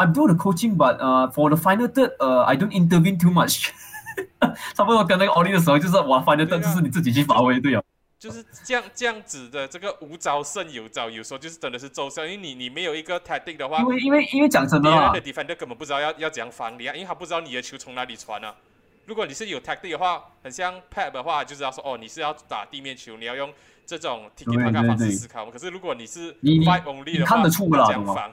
I'm doing the coaching，but、uh, 係，誒，for the final third，I don't、uh, intervene too much。 差不多聽阿 Audrey 嘅時候，就是我 final third，就是你自己去發揮，對啊就是，這樣這樣子的，這個無招勝有招有，有時候就是真的是奏效，因為你，你沒有一個 tactic 的話，因為因為，因為講真的啊？因為對方根本不知道要，要怎樣防你啊，因為他不知道你的球從哪裏傳啊。如果你是有 tactic 的話，很像 pep 的話，就知道說哦，你是要打地面球，你要用這種 tiki-taka。對對對。方式思考。可是如果你是 fight only 的話，你睇得出唔啦？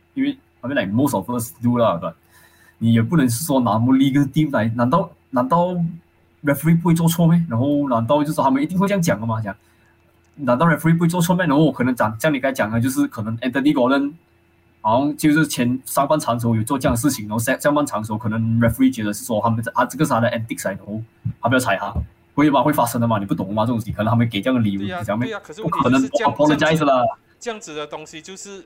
因為可能 like most of us do 啦，但你也不能說拿摩利根 team 嚟，難道難道 referee 不會做錯咩？然後難道就是說他們一定會這樣講噶嘛？講難道 referee 不會做錯咩？然後我可能講，像你剛才講的就是可能 Anthony Gordon，然後就是前上半場時候有做這樣的事情，然後下下半場時候可能 referee 覺得是說他們啊這個係的 antic，s i 然後他不要踩他，會唔會話會發生的嘛？你不懂嘛？這種事可能他們給這樣嘅理由，上面、啊啊、不可能這這。這樣子的東西就是。